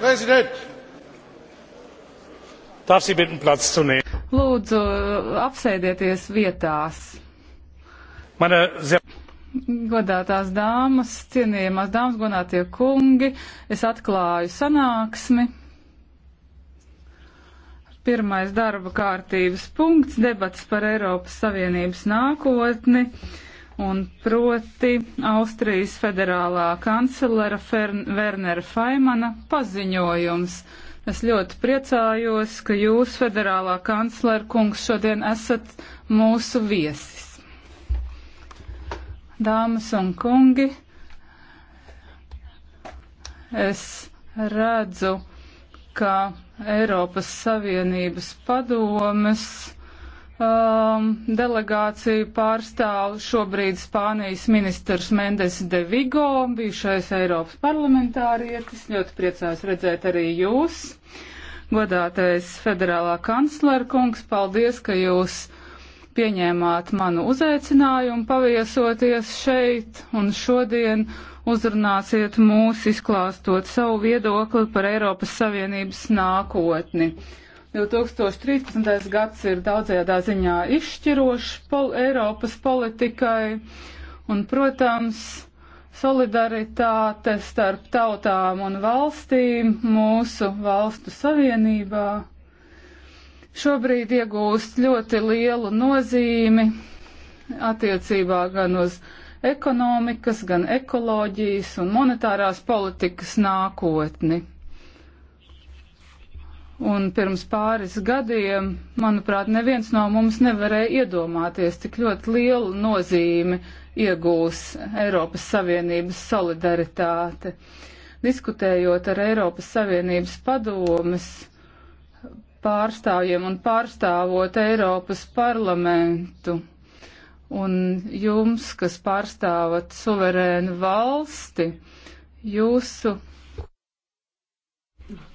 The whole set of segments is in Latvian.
Präsident! Darf Sie bitten, Platz zu nehmen? Lūdzu, apsēdieties vietās. Meine sehr Godātās dāmas, cienījamās dāmas, godātie kungi, es atklāju sanāksmi. Pirmais darba kārtības punkts - debats par Eiropas Savienības nākotni un proti Austrijas federālā kanclera Fern Wernera Faimana paziņojums. Es ļoti priecājos, ka jūs, federālā kanclera kungs, šodien esat mūsu viesis. Dāmas un kungi, es redzu, ka Eiropas Savienības padomes Um, delegāciju pārstāv šobrīd Spānijas ministrs Mendes de Vigo, bijušais Eiropas parlamentārietis. Ļoti priecājos redzēt arī jūs. Godātais federālā kanclera kungs, paldies, ka jūs pieņēmāt manu uzaicinājumu paviesoties šeit un šodien uzrunāsiet mūs, izklāstot savu viedokli par Eiropas Savienības nākotni. 2013. gads ir daudzajā ziņā izšķirošs pol Eiropas politikai, un, protams, solidaritāte starp tautām un valstīm mūsu valstu savienībā šobrīd iegūst ļoti lielu nozīmi attiecībā gan uz ekonomikas, gan ekoloģijas un monetārās politikas nākotni. Un pirms pāris gadiem, manuprāt, neviens no mums nevarēja iedomāties, cik ļoti lielu nozīmi iegūs Eiropas Savienības solidaritāte. Diskutējot ar Eiropas Savienības padomes pārstāvjiem un pārstāvot Eiropas parlamentu, un jums, kas pārstāvat suverēnu valsti, jūsu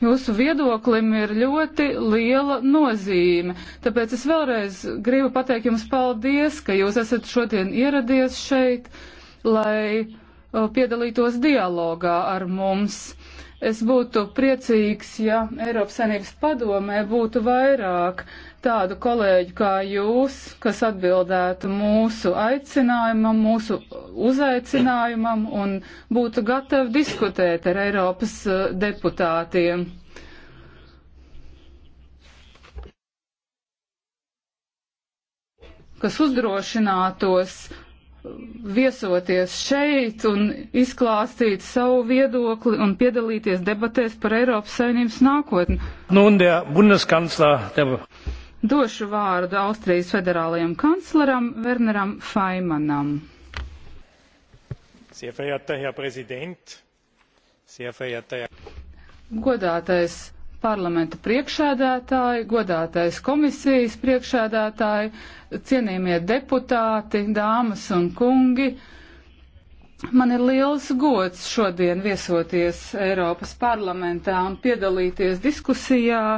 Jūsu viedoklim ir ļoti liela nozīme, tāpēc es vēlreiz gribu pateikt jums paldies, ka jūs esat šodien ieradies šeit, lai piedalītos dialogā ar mums. Es būtu priecīgs, ja Eiropas Savienības padomē būtu vairāk tādu kolēģu kā jūs, kas atbildētu mūsu aicinājumam, mūsu uzaicinājumam un būtu gatavi diskutēt ar Eiropas eh, deputātiem. kas uzdrošinātos viesoties šeit un izklāstīt savu viedokli un piedalīties debatēs par Eiropas saimnības nākotni. Nun, der Bundeskancler, der... Došu vārdu Austrijas federālajam kancleram Werneram Faimanam. Sehr verehrter Herr Präsident, sehr verehrter Herr. Godātais parlamenta priekšēdētāji, godātais komisijas priekšēdētāji, cienījamie deputāti, dāmas un kungi. Man ir liels gods šodien viesoties Eiropas parlamentā un piedalīties diskusijā.